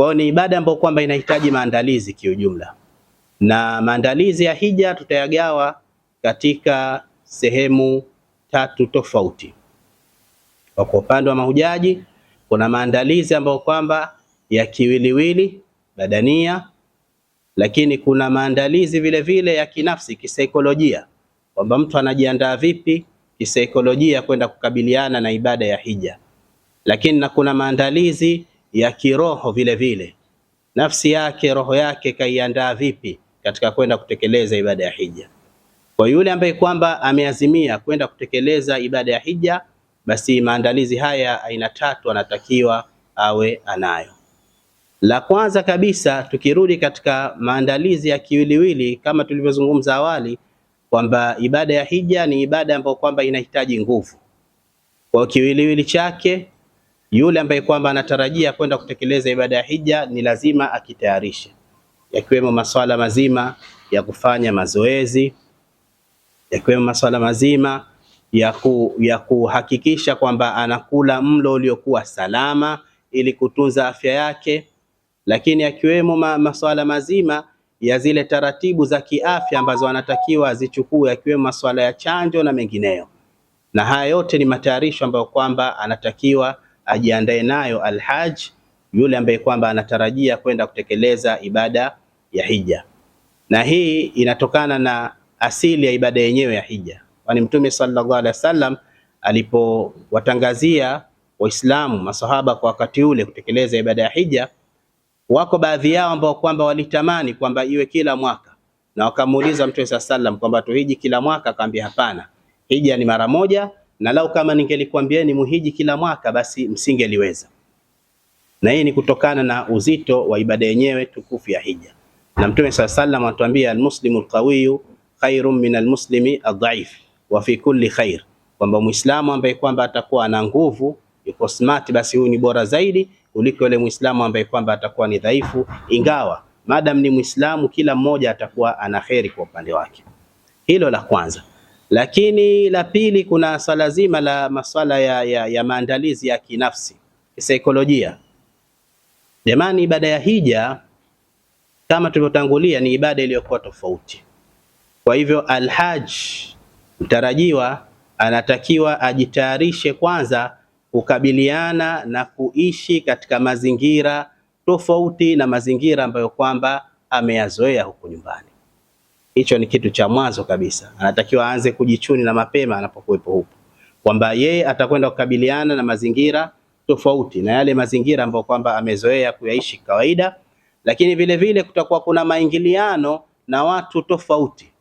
Kwa hiyo ni ibada ambayo kwamba inahitaji maandalizi kiujumla, na maandalizi ya hija tutayagawa katika sehemu tatu tofauti. Kwa upande wa mahujaji, kuna maandalizi ambayo kwamba ya kiwiliwili badania, lakini kuna maandalizi vile vile ya kinafsi kisaikolojia, kwamba mtu anajiandaa vipi kisaikolojia kwenda kukabiliana na ibada ya hija, lakini na kuna maandalizi ya kiroho vile vile, nafsi yake roho yake kaiandaa vipi katika kwenda kutekeleza ibada ya hija. Kwa yule ambaye kwamba ameazimia kwenda kutekeleza ibada ya hija, basi maandalizi haya aina tatu anatakiwa awe anayo. La kwanza kabisa, tukirudi katika maandalizi ya kiwiliwili, kama tulivyozungumza awali kwamba ibada ya hija ni ibada ambayo kwamba inahitaji nguvu kwa kiwiliwili chake yule ambaye kwamba anatarajia kwenda kutekeleza ibada ya hija ni lazima akitayarishe, yakiwemo maswala mazima ya kufanya mazoezi, yakiwemo maswala mazima ya, ku, ya kuhakikisha kwamba anakula mlo uliokuwa salama ili kutunza afya yake, lakini akiwemo ma, maswala mazima ya zile taratibu za kiafya ambazo anatakiwa azichukue, akiwemo maswala ya chanjo na mengineyo, na haya yote ni matayarisho ambayo kwamba anatakiwa ajiandae nayo alhaj, yule ambaye kwamba anatarajia kwenda kutekeleza ibada ya hija, na hii inatokana na asili ya ibada yenyewe ya hija, kwani Mtume sallallahu alaihi wasallam alipowatangazia Waislamu masahaba kwa wakati ule kutekeleza ibada ya hija, wako baadhi yao ambao kwamba walitamani kwamba iwe kila mwaka, na wakamuuliza Mtume sallallahu alaihi wasallam kwamba tuhiji kila mwaka? Akaambia hapana, hija ni mara moja na lau kama ningelikwambia ni muhiji kila mwaka, basi msingeliweza. Na hii ni kutokana na uzito wa ibada yenyewe tukufu ya hija, na Mtume sala sallam anatuambia almuslimu alqawiyu khairun min almuslimi adhaif wa fi kulli khair, kwamba muislamu ambaye kwamba atakuwa ana nguvu yuko smart, basi huyu ni bora zaidi kuliko yule muislamu ambaye kwamba atakuwa ni dhaifu, ingawa madam ni muislamu, kila mmoja atakuwa ana kheri kwa upande wake. Hilo la kwanza. Lakini la pili, kuna swala zima la maswala ya, ya, ya maandalizi ya kinafsi kisaikolojia. Jamani, ibada ya hija kama tulivyotangulia ni ibada iliyokuwa tofauti. Kwa hivyo, alhaj mtarajiwa anatakiwa ajitayarishe kwanza kukabiliana na kuishi katika mazingira tofauti na mazingira ambayo kwamba ameyazoea huko nyumbani. Hicho ni kitu cha mwanzo kabisa, anatakiwa aanze kujichuni na mapema anapokuwepo huko, kwamba yeye atakwenda kukabiliana na mazingira tofauti na yale mazingira ambayo kwamba amezoea kuyaishi kawaida, lakini vile vile kutakuwa kuna maingiliano na watu tofauti.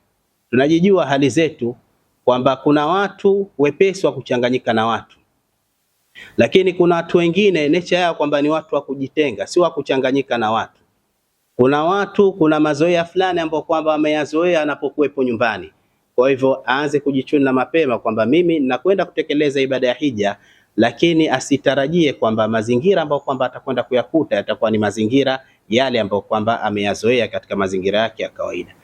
Tunajijua hali zetu kwamba kuna watu wepesi wa kuchanganyika na watu, lakini kuna watu wengine necha yao kwamba ni watu wa kujitenga, si wa kuchanganyika na watu. Kuna watu, kuna mazoea fulani ambayo kwamba ameyazoea anapokuwepo nyumbani. Kwa hivyo aanze kujichuna mapema kwamba mimi nakwenda kutekeleza ibada ya hija, lakini asitarajie kwamba mazingira ambayo kwamba atakwenda kuyakuta yatakuwa ni mazingira yale ambayo kwamba ameyazoea katika mazingira yake ya kawaida.